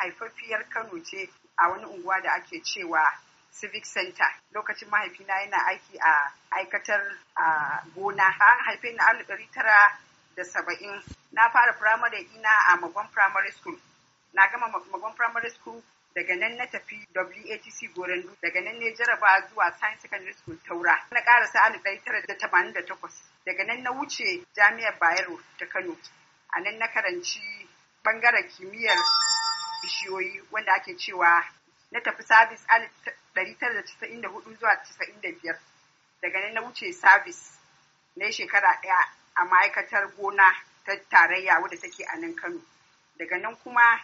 haifaffiyar Kano ce a wani unguwa da ake cewa civic center lokacin mahaifina yana aiki a aikatar a gona an haife ni alif ɗari tara da saba'in na fara firamare ina a magon primary school na gama magon primary school daga nan na tafi WATC Gorendu daga nan ne jaraba zuwa Science Secondary School Taura na karasa alu ɗari tara da tamanin da takwas daga nan na wuce jami'ar Bayero ta Kano a nan na karanci bangaren kimiyyar bishiyoyi wanda ake cewa na tafi sabis 1994 zuwa 95 daga nan na wuce sabis na shekara ɗaya a ma'aikatar gona ta tarayya wadda take a nan kano daga nan kuma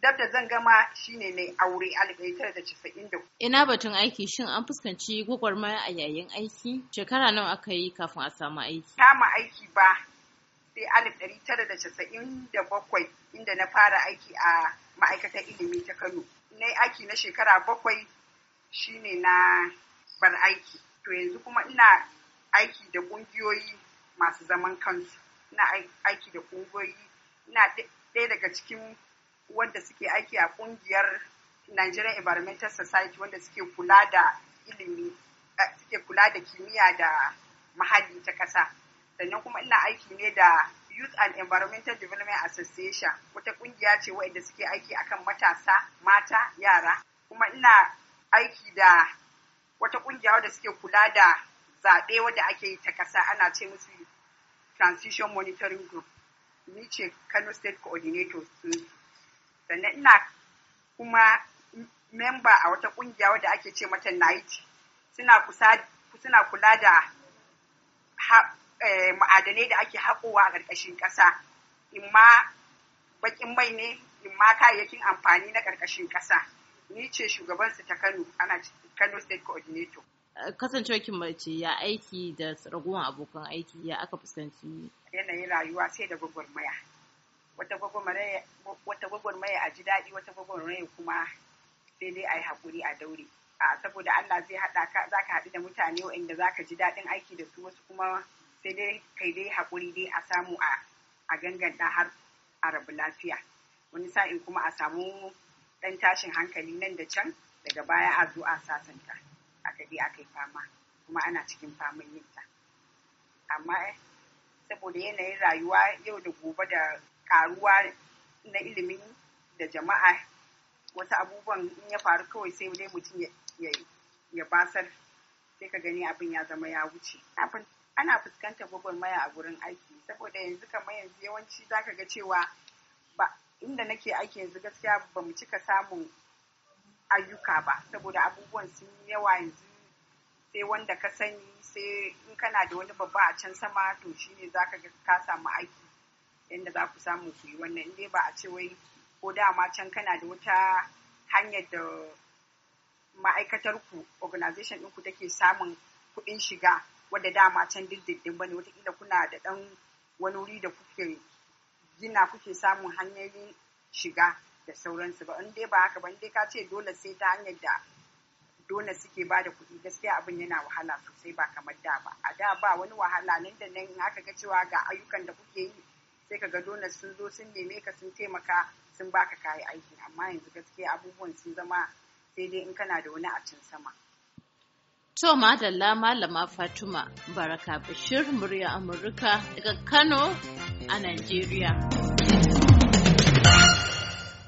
dab da zan gama shine mai aure alif da ina batun aiki shin an fuskanci gwagwarmaya a yayin aiki shekara nawa aka yi kafin a samu aiki kama aiki ba sai alif ɗari inda na fara aiki a Ma'aikatan ilimi ta Kano. Na aiki na shekara bakwai shine na bar aiki. To yanzu kuma ina aiki da ƙungiyoyi masu zaman kansu. Ina aiki da ƙungiyoyi. Ina ɗaya daga cikin wanda suke aiki a ƙungiyar Nigerian Environmental Society wanda suke kula da ilimi, suke kula da kimiyya da muhalli ta ƙasa. Sannan kuma ina aiki ne da Youth and Environmental Development Association wata kungiya ce wadda suke aiki akan matasa, mata, yara. Kuma ina aiki da wata kungiya wadda suke kula da zaɓe wadda ake yi ta ƙasa ana ce musu Transition Monitoring Group. Ni ce Kano State Coordinator su. Sannan ina kuma memba a wata kungiya wadda ake ce mata NIGHT. Suna suna kula da Eh, ma'adanai da ake haƙowa a ƙarƙashin ƙasa in ma baƙin mai ne in ma kayayyakin amfani na ƙarƙashin ƙasa ni ce shugaban su ta kano ana kano state coordinator kasancewa kin mace ya aiki da ragowar abokan aiki ya aka fuskanci yanayin rayuwa sai da gwagwarmaya wata gwagwarmaya a ji daɗi wata gwagwarmaya kuma sai dai a yi haƙuri a daure saboda Allah zai haɗa ka za haɗu da mutane waɗanda zaka ji daɗin aiki da su wasu kuma sai dai kai dai haƙuri dai a samu a ganganta har a rabu lafiya wani sa'in kuma a samu ɗan tashin hankali nan da can daga baya a zo a sasanta aka dai aka yi fama kuma ana cikin faman yinta amma eh, saboda yanayin rayuwa yau da gobe da ƙaruwa na ilimin da jama'a wasu abubuwan in ya faru kawai sai dai mutum ya basar sai ka gani abin ya zama ya wuce ana fuskantar gwagwarmaya a gurin aiki saboda yanzu kamar yanzu yawanci zaka ga cewa ba inda nake aiki yanzu gaskiya ba mu cika samun ayyuka ba saboda abubuwan sun yawa yanzu sai wanda ka sani sai in kana da wani babba a can sama to shine zaka ga ka samu aiki yanda za ku samu ku yi wannan ba a ce wai ko dama can kana da wata hanyar da ma'aikatar ku organization ɗinku take samun kuɗin shiga wadda dama can diddin bane kila kuna da dan wani wuri da kuke gina kuke samun hanyoyin shiga da sauransu ba in dai ba haka ba in dai ka ce dole sai ta hanyar da dole suke ba da kuɗi gaskiya abin yana wahala sosai ba kamar da ba a da ba wani wahala nan da nan in aka ga cewa ga ayyukan da kuke yi sai ka ga dole sun zo sun neme ka sun taimaka sun baka kayi aiki amma yanzu gaskiya abubuwan sun zama sai dai in kana da wani a can sama To madalla malama Fatima Baraka Bashir murya Amurka daga Kano a Najeriya.